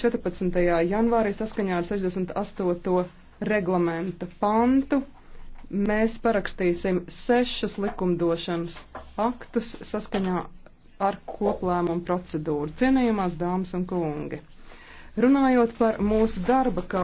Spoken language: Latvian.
14. janvārī saskaņā ar 68. reglamenta pantu mēs parakstīsim sešus likumdošanas aktus saskaņā ar koplēmumu procedūru. Cienījumās dāmas un kungi! Runājot par mūsu darba, kā